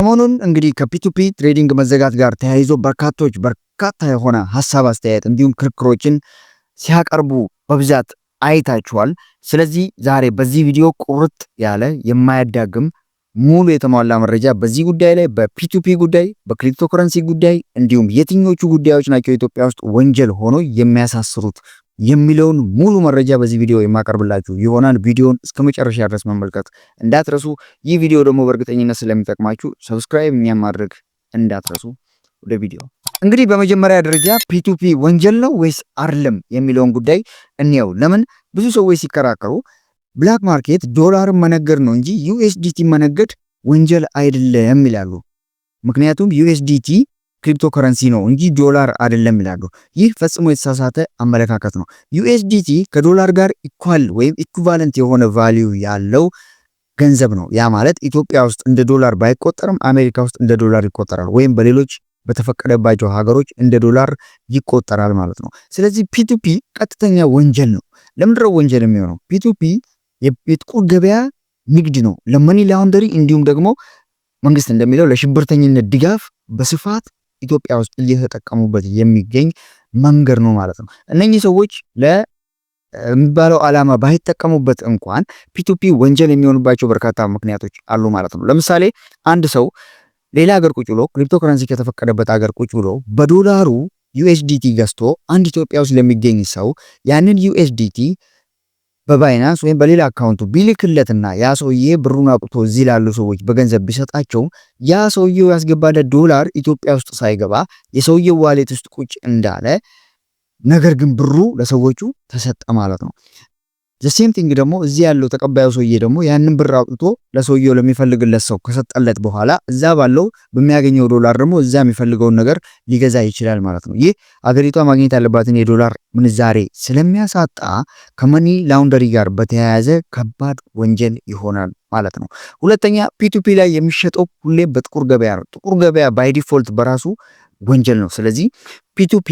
ሰሞኑን እንግዲህ ከፒቱፒ ትሬዲንግ መዘጋት ጋር ተያይዞ በርካቶች በርካታ የሆነ ሀሳብ አስተያየት፣ እንዲሁም ክርክሮችን ሲያቀርቡ በብዛት አይታችኋል። ስለዚህ ዛሬ በዚህ ቪዲዮ ቁርጥ ያለ የማያዳግም ሙሉ የተሟላ መረጃ በዚህ ጉዳይ ላይ በፒቱፒ ጉዳይ፣ ከረንሲ ጉዳይ እንዲሁም የትኞቹ ጉዳዮች ናቸው ኢትዮጵያ ውስጥ ወንጀል ሆኖ የሚያሳስሩት የሚለውን ሙሉ መረጃ በዚህ ቪዲዮ የማቀርብላችሁ ይሆናል። ቪዲዮን እስከ መጨረሻ ድረስ መመልከት እንዳትረሱ። ይህ ቪዲዮ ደግሞ በእርግጠኝነት ስለሚጠቅማችሁ ሰብስክራይብ፣ እኛን ማድረግ እንዳትረሱ። ወደ ቪዲዮ እንግዲህ በመጀመሪያ ደረጃ ፒቱፒ ወንጀል ነው ወይስ አርልም የሚለውን ጉዳይ እንየው። ለምን ብዙ ሰዎች ሲከራከሩ ብላክ ማርኬት ዶላርን መነገድ ነው እንጂ ዩኤስዲቲ መነገድ ወንጀል አይደለም ይላሉ። ምክንያቱም ዩኤስዲቲ ክሪፕቶከረንሲ ነው እንጂ ዶላር አይደለም ይላሉ። ይህ ፈጽሞ የተሳሳተ አመለካከት ነው። ዩኤስዲቲ ከዶላር ጋር ኢኳል ወይም ኢኩቫለንት የሆነ ቫሊዩ ያለው ገንዘብ ነው። ያ ማለት ኢትዮጵያ ውስጥ እንደ ዶላር ባይቆጠርም አሜሪካ ውስጥ እንደ ዶላር ይቆጠራል፣ ወይም በሌሎች በተፈቀደባቸው ሀገሮች እንደ ዶላር ይቆጠራል ማለት ነው። ስለዚህ ፒቱፒ ቀጥተኛ ወንጀል ነው። ለምድረው ወንጀል የሚሆነው? ፒቱፒ የጥቁር ገበያ ንግድ ነው፣ ለመኒ ላውንደሪ እንዲሁም ደግሞ መንግስት እንደሚለው ለሽብርተኝነት ድጋፍ በስፋት ኢትዮጵያ ውስጥ እየተጠቀሙበት የሚገኝ መንገድ ነው ማለት ነው። እነኚህ ሰዎች ለሚባለው ዓላማ ባይጠቀሙበት እንኳን ፒቱፒ ወንጀል የሚሆንባቸው በርካታ ምክንያቶች አሉ ማለት ነው። ለምሳሌ አንድ ሰው ሌላ ሀገር ቁጭ ብሎ ክሪፕቶከረንሲ ከተፈቀደበት ሀገር ቁጭ ብሎ በዶላሩ ዩኤስዲቲ ገዝቶ አንድ ኢትዮጵያ ውስጥ ለሚገኝ ሰው ያንን ዩኤስዲቲ በባይናንስ ወይም በሌላ አካውንቱ ቢልክለትና ያ ሰውዬ ብሩን አውጥቶ እዚህ ላሉ ሰዎች በገንዘብ ቢሰጣቸው ያ ሰውዬው ያስገባለት ዶላር ኢትዮጵያ ውስጥ ሳይገባ የሰውዬው ዋሌት ውስጥ ቁጭ እንዳለ ነገር ግን ብሩ ለሰዎቹ ተሰጠ ማለት ነው። ዘሴም ቲንግ ደግሞ እዚህ ያለው ተቀባዩ ሰውዬ ደግሞ ያንን ብር አውጥቶ ለሰውየው ለሚፈልግለት ሰው ከሰጠለት በኋላ እዛ ባለው በሚያገኘው ዶላር ደግሞ እዛ የሚፈልገውን ነገር ሊገዛ ይችላል ማለት ነው። ይህ አገሪቷ ማግኘት ያለባትን የዶላር ምንዛሬ ስለሚያሳጣ ከመኒ ላውንደሪ ጋር በተያያዘ ከባድ ወንጀል ይሆናል ማለት ነው። ሁለተኛ ፒቱፒ ላይ የሚሸጠው ሁሌ በጥቁር ገበያ ነው። ጥቁር ገበያ ባይዲፎልት በራሱ ወንጀል ነው። ስለዚህ ፒቱፒ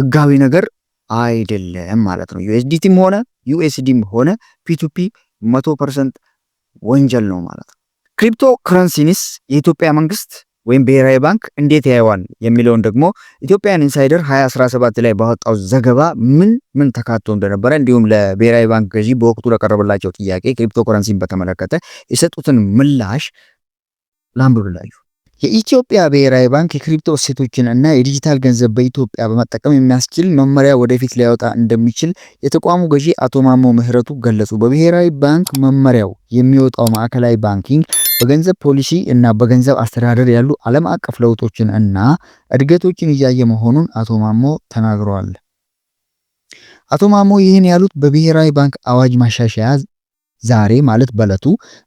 ህጋዊ ነገር አይደለም ማለት ነው። ዩኤስዲቲም ሆነ ዩኤስዲም ሆነ ፒቱፒ 100 ወንጀል ነው ማለት ነው። ክሪፕቶ ከረንሲንስ የኢትዮጵያ መንግስት ወይም ብሔራዊ ባንክ እንዴት ያየዋል የሚለውን ደግሞ ኢትዮጵያን ኢንሳይደር 2017 ላይ ባወጣው ዘገባ ምን ምን ተካቶ እንደነበረ እንዲሁም ለብሔራዊ ባንክ ገዢ በወቅቱ ለቀረበላቸው ጥያቄ ክሪፕቶ ክረንሲን በተመለከተ የሰጡትን ምላሽ ላንብብላችሁ። የኢትዮጵያ ብሔራዊ ባንክ የክሪፕቶ እሴቶችን እና የዲጂታል ገንዘብ በኢትዮጵያ በመጠቀም የሚያስችል መመሪያ ወደፊት ሊያወጣ እንደሚችል የተቋሙ ገዢ አቶ ማሞ ምህረቱ ገለጹ። በብሔራዊ ባንክ መመሪያው የሚወጣው ማዕከላዊ ባንኪንግ በገንዘብ ፖሊሲ እና በገንዘብ አስተዳደር ያሉ ዓለም አቀፍ ለውጦችን እና እድገቶችን እያየ መሆኑን አቶ ማሞ ተናግረዋል። አቶ ማሞ ይህን ያሉት በብሔራዊ ባንክ አዋጅ ማሻሻያ ዛሬ ማለት በለቱ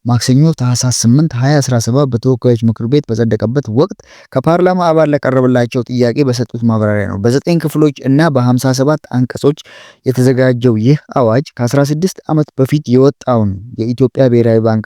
ማክሰኞ ታህሳስ 8 2017 በተወካዮች ምክር ቤት በጸደቀበት ወቅት ከፓርላማ አባል ለቀረበላቸው ጥያቄ በሰጡት ማብራሪያ ነው። በዘጠኝ ክፍሎች እና በ57 አንቀጾች የተዘጋጀው ይህ አዋጅ ከ16 ዓመት በፊት የወጣውን የኢትዮጵያ ብሔራዊ ባንክ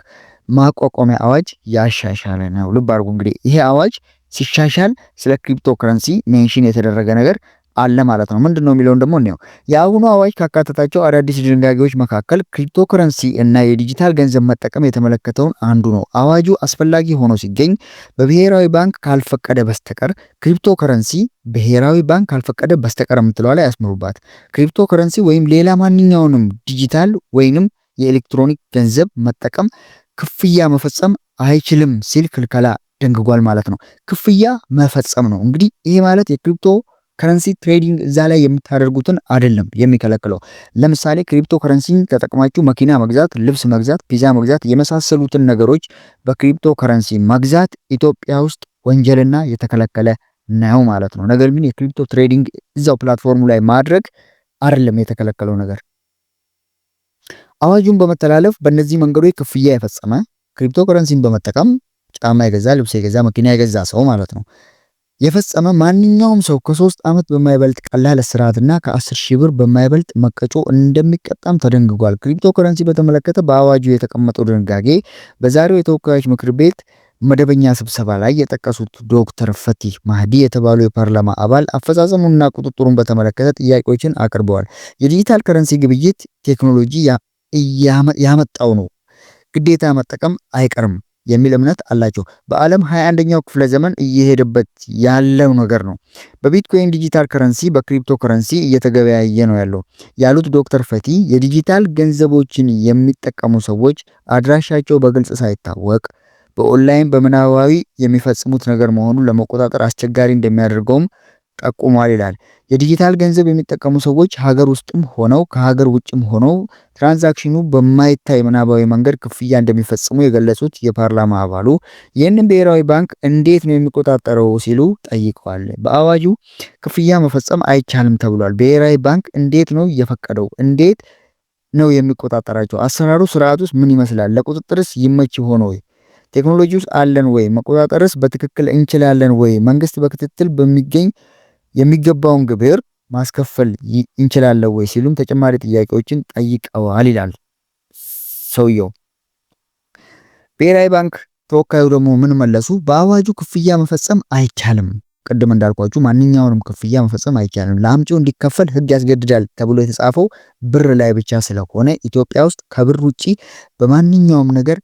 ማቋቋሚያ አዋጅ ያሻሻለ ነው። ልብ አድርጉ እንግዲህ ይሄ አዋጅ ሲሻሻል ስለ ክሪፕቶ ከረንሲ ሜንሽን የተደረገ ነገር አለ ማለት ነው። ምንድን ነው የሚለውን ደግሞ እንየው። የአሁኑ አዋጅ ካካተታቸው አዳዲስ ድንጋጌዎች መካከል ክሪፕቶከረንሲ እና የዲጂታል ገንዘብ መጠቀም የተመለከተውን አንዱ ነው። አዋጁ አስፈላጊ ሆኖ ሲገኝ በብሔራዊ ባንክ ካልፈቀደ በስተቀር ክሪፕቶከረንሲ ብሔራዊ ባንክ ካልፈቀደ በስተቀር የምትለዋ ላይ ያስምሩባት። ክሪፕቶከረንሲ ወይም ሌላ ማንኛውንም ዲጂታል ወይንም የኤሌክትሮኒክ ገንዘብ መጠቀም ክፍያ መፈጸም አይችልም ሲል ክልከላ ደንግጓል ማለት ነው። ክፍያ መፈጸም ነው እንግዲህ ይሄ ማለት የክሪፕቶ ከረንሲ ትሬዲንግ እዛ ላይ የምታደርጉትን አይደለም የሚከለክለው። ለምሳሌ ክሪፕቶ ከረንሲ ተጠቅማችሁ መኪና መግዛት፣ ልብስ መግዛት፣ ፒዛ መግዛት የመሳሰሉትን ነገሮች በክሪፕቶ ከረንሲ መግዛት ኢትዮጵያ ውስጥ ወንጀልና የተከለከለ ነው ማለት ነው። ነገር ግን የክሪፕቶ ትሬዲንግ እዛው ፕላትፎርሙ ላይ ማድረግ አይደለም የተከለከለው ነገር። አዋጁን በመተላለፍ በእነዚህ መንገዶች ክፍያ የፈጸመ ክሪፕቶ ከረንሲን በመጠቀም ጫማ የገዛ ልብስ የገዛ መኪና የገዛ ሰው ማለት ነው የፈጸመ ማንኛውም ሰው ከሶስት ዓመት በማይበልጥ ቀላል እስራትና ከ10 ሺህ ብር በማይበልጥ መቀጮ እንደሚቀጣም ተደንግጓል። ክሪፕቶ ከረንሲ በተመለከተ በአዋጁ የተቀመጠው ድንጋጌ በዛሬው የተወካዮች ምክር ቤት መደበኛ ስብሰባ ላይ የጠቀሱት ዶክተር ፈቲህ ማህዲ የተባሉ የፓርላማ አባል አፈጻጸሙንና ቁጥጥሩን በተመለከተ ጥያቄዎችን አቅርበዋል። የዲጂታል ከረንሲ ግብይት ቴክኖሎጂ ያመጣው ነው፣ ግዴታ መጠቀም አይቀርም። የሚል እምነት አላቸው። በዓለም 21ኛው ክፍለ ዘመን እየሄደበት ያለው ነገር ነው። በቢትኮይን ዲጂታል ከረንሲ፣ በክሪፕቶ ከረንሲ እየተገበያየ ነው ያለው ያሉት ዶክተር ፈቲ የዲጂታል ገንዘቦችን የሚጠቀሙ ሰዎች አድራሻቸው በግልጽ ሳይታወቅ በኦንላይን በምናባዊ የሚፈጽሙት ነገር መሆኑን ለመቆጣጠር አስቸጋሪ እንደሚያደርገውም ጠቁሟል ይላል። የዲጂታል ገንዘብ የሚጠቀሙ ሰዎች ሀገር ውስጥም ሆነው ከሀገር ውጭም ሆነው ትራንዛክሽኑ በማይታይ ምናባዊ መንገድ ክፍያ እንደሚፈጽሙ የገለጹት የፓርላማ አባሉ ይህንን ብሔራዊ ባንክ እንዴት ነው የሚቆጣጠረው ሲሉ ጠይቀዋል። በአዋጁ ክፍያ መፈጸም አይቻልም ተብሏል። ብሔራዊ ባንክ እንዴት ነው እየፈቀደው? እንዴት ነው የሚቆጣጠራቸው? አሰራሩ ስርዓት ውስጥ ምን ይመስላል? ለቁጥጥርስ ይመች ሆኖ ቴክኖሎጂ ውስጥ አለን ወይ? መቆጣጠርስ በትክክል እንችላለን ወይ? መንግስት በክትትል በሚገኝ የሚገባውን ግብር ማስከፈል እንችላለን ወይ ሲሉም ተጨማሪ ጥያቄዎችን ጠይቀዋል ይላል ሰውየው። ብሔራዊ ባንክ ተወካዩ ደግሞ ምን መለሱ? በአዋጁ ክፍያ መፈጸም አይቻልም። ቅድም እንዳልኳችሁ ማንኛውንም ክፍያ መፈጸም አይቻልም። ለአምጪው እንዲከፈል ሕግ ያስገድዳል ተብሎ የተጻፈው ብር ላይ ብቻ ስለሆነ ኢትዮጵያ ውስጥ ከብር ውጪ በማንኛውም ነገር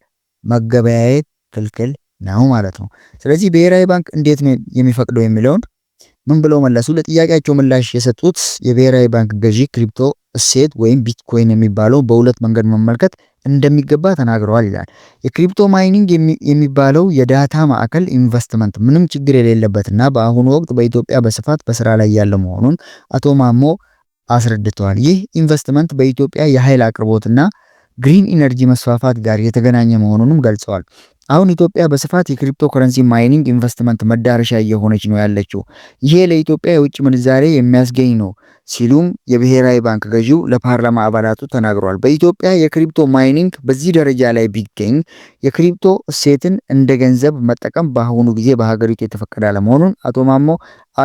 መገበያየት ክልክል ነው ማለት ነው። ስለዚህ ብሔራዊ ባንክ እንዴት ነው የሚፈቅደው የሚለውን ምን ብለው መለሱ? ለጥያቄያቸው ምላሽ የሰጡት የብሔራዊ ባንክ ገዢ ክሪፕቶ እሴት ወይም ቢትኮይን የሚባለው በሁለት መንገድ መመልከት እንደሚገባ ተናግረዋል ይላል። የክሪፕቶ ማይኒንግ የሚባለው የዳታ ማዕከል ኢንቨስትመንት ምንም ችግር የሌለበትና በአሁኑ ወቅት በኢትዮጵያ በስፋት በስራ ላይ ያለ መሆኑን አቶ ማሞ አስረድተዋል። ይህ ኢንቨስትመንት በኢትዮጵያ የኃይል አቅርቦትና ግሪን ኢነርጂ መስፋፋት ጋር የተገናኘ መሆኑንም ገልጸዋል። አሁን ኢትዮጵያ በስፋት የክሪፕቶ ከረንሲ ማይኒንግ ኢንቨስትመንት መዳረሻ እየሆነች ነው ያለችው። ይሄ ለኢትዮጵያ የውጭ ምንዛሬ የሚያስገኝ ነው ሲሉም የብሔራዊ ባንክ ገዢው ለፓርላማ አባላቱ ተናግረዋል። በኢትዮጵያ የክሪፕቶ ማይኒንግ በዚህ ደረጃ ላይ ቢገኝ የክሪፕቶ እሴትን እንደ ገንዘብ መጠቀም በአሁኑ ጊዜ በሀገሪቱ የተፈቀደ አለመሆኑን አቶ ማሞ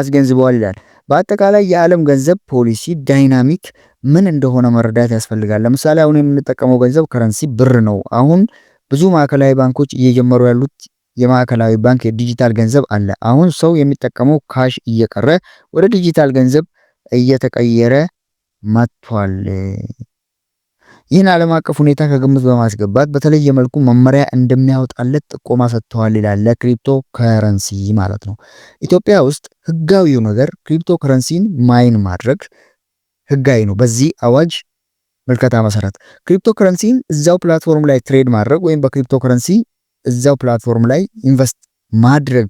አስገንዝበዋል ይላል። በአጠቃላይ የዓለም ገንዘብ ፖሊሲ ዳይናሚክ ምን እንደሆነ መረዳት ያስፈልጋል። ለምሳሌ አሁን የምንጠቀመው ገንዘብ ከረንሲ ብር ነው። አሁን ብዙ ማዕከላዊ ባንኮች እየጀመሩ ያሉት የማዕከላዊ ባንክ የዲጂታል ገንዘብ አለ። አሁን ሰው የሚጠቀመው ካሽ እየቀረ ወደ ዲጂታል ገንዘብ እየተቀየረ መጥቷል። ይህን ዓለም አቀፍ ሁኔታ ከግምት በማስገባት በተለየ መልኩ መመሪያ እንደሚያወጣለት ጥቆማ ሰጥተዋል ይላል። ክሪፕቶ ከረንሲ ማለት ነው። ኢትዮጵያ ውስጥ ህጋዊው ነገር ክሪፕቶ ከረንሲን ማይን ማድረግ ህጋዊ ነው። በዚህ አዋጅ ምልከታ መሰረት ክሪፕቶ ከረንሲን እዛው ፕላትፎርም ላይ ትሬድ ማድረግ ወይም በክሪፕቶ ከረንሲ እዛው ፕላትፎርም ላይ ኢንቨስት ማድረግ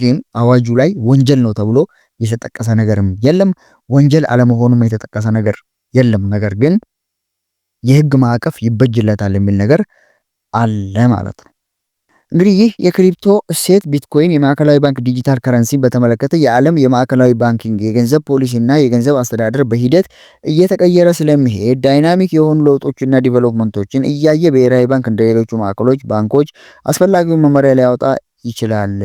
ግን አዋጁ ላይ ወንጀል ነው ተብሎ የተጠቀሰ ነገርም የለም። ወንጀል አለመሆኑም የተጠቀሰ ነገር የለም። ነገር ግን የህግ ማዕቀፍ ይበጅለታል የሚል ነገር አለ ማለት ነው። እንግዲህ ይህ የክሪፕቶ እሴት ቢትኮይን የማዕከላዊ ባንክ ዲጂታል ከረንሲን በተመለከተ የዓለም የማዕከላዊ ባንኪንግ የገንዘብ ፖሊሲ እና የገንዘብ አስተዳደር በሂደት እየተቀየረ ስለሚሄድ ዳይናሚክ የሆኑ ለውጦችና ዲቨሎፕመንቶችን እያየ ብሔራዊ ባንክ ሌሎቹ ማዕከሎች ባንኮች አስፈላጊውን መመሪያ ሊያወጣ ይችላል።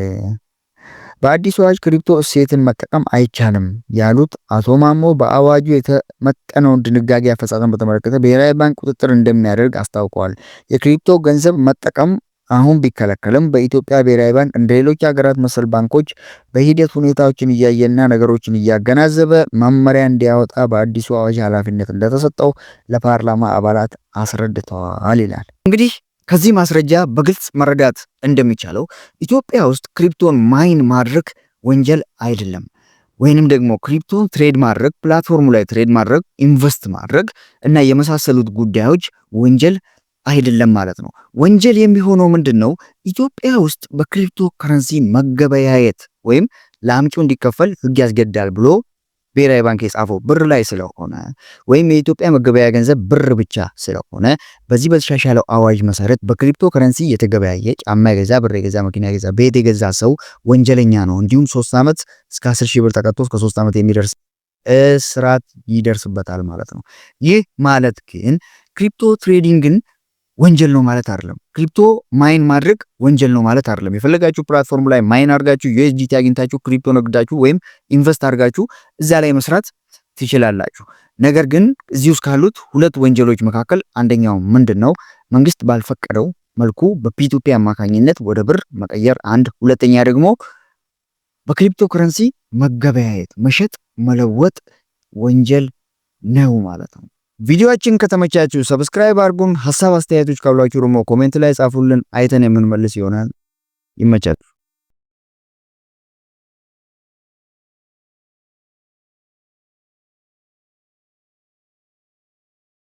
በአዲሱ አዋጅ ክሪፕቶ እሴትን መጠቀም አይቻልም ያሉት አቶ ማሞ በአዋጁ የተመጠነውን ድንጋጌ አፈጻጸም በተመለከተ ብሔራዊ ባንክ ቁጥጥር እንደሚያደርግ አስታውቀዋል። የክሪፕቶ ገንዘብ መጠቀም አሁን ቢከለከልም በኢትዮጵያ ብሔራዊ ባንክ እንደ ሌሎች ሀገራት መሰል ባንኮች በሂደት ሁኔታዎችን እያየና ነገሮችን እያገናዘበ መመሪያ እንዲያወጣ በአዲሱ አዋጅ ኃላፊነት እንደተሰጠው ለፓርላማ አባላት አስረድተዋል ይላል። እንግዲህ ከዚህ ማስረጃ በግልጽ መረዳት እንደሚቻለው ኢትዮጵያ ውስጥ ክሪፕቶን ማይን ማድረግ ወንጀል አይደለም፣ ወይንም ደግሞ ክሪፕቶ ትሬድ ማድረግ፣ ፕላትፎርሙ ላይ ትሬድ ማድረግ፣ ኢንቨስት ማድረግ እና የመሳሰሉት ጉዳዮች ወንጀል አይደለም ማለት ነው። ወንጀል የሚሆነው ምንድን ነው? ኢትዮጵያ ውስጥ በክሪፕቶ ከረንሲ መገበያየት ወይም ለአምጪው እንዲከፈል ሕግ ያስገዳል ብሎ ብሔራዊ ባንክ የጻፈው ብር ላይ ስለሆነ ወይም የኢትዮጵያ መገበያያ ገንዘብ ብር ብቻ ስለሆነ በዚህ በተሻሻለው አዋጅ መሰረት በክሪፕቶ ከረንሲ የተገበያየ ጫማ የገዛ ብር የገዛ መኪና የገዛ ቤት የገዛ ሰው ወንጀለኛ ነው። እንዲሁም ሶስት ዓመት እስከ አስር ሺህ ብር ተቀጥቶ እስከ ሶስት ዓመት የሚደርስ እስራት ይደርስበታል ማለት ነው። ይህ ማለት ግን ክሪፕቶ ትሬዲንግን ወንጀል ነው ማለት አይደለም። ክሪፕቶ ማይን ማድረግ ወንጀል ነው ማለት አይደለም። የፈለጋችሁ ፕላትፎርም ላይ ማይን አድርጋችሁ ዩኤስዲቲ አግኝታችሁ ክሪፕቶ ነግዳችሁ ወይም ኢንቨስት አድርጋችሁ እዛ ላይ መስራት ትችላላችሁ። ነገር ግን እዚህ ውስጥ ካሉት ሁለት ወንጀሎች መካከል አንደኛው ምንድን ነው? መንግስት ባልፈቀደው መልኩ በፒቱፒ አማካኝነት ወደ ብር መቀየር አንድ፣ ሁለተኛ ደግሞ በክሪፕቶ ከረንሲ መገበያየት፣ መሸጥ፣ መለወጥ ወንጀል ነው ማለት ነው። ቪዲዮአችን ከተመቻችሁ ሰብስክራይብ አድርጉን። ሀሳብ አስተያየቶች ካሏችሁ ደግሞ ኮሜንት ላይ ጻፉልን፣ አይተን የምንመልስ ይሆናል። ይመቻችሁ።